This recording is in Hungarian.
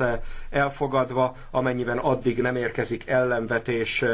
lesz elfogadva, amennyiben addig nem érkezik ellenvetés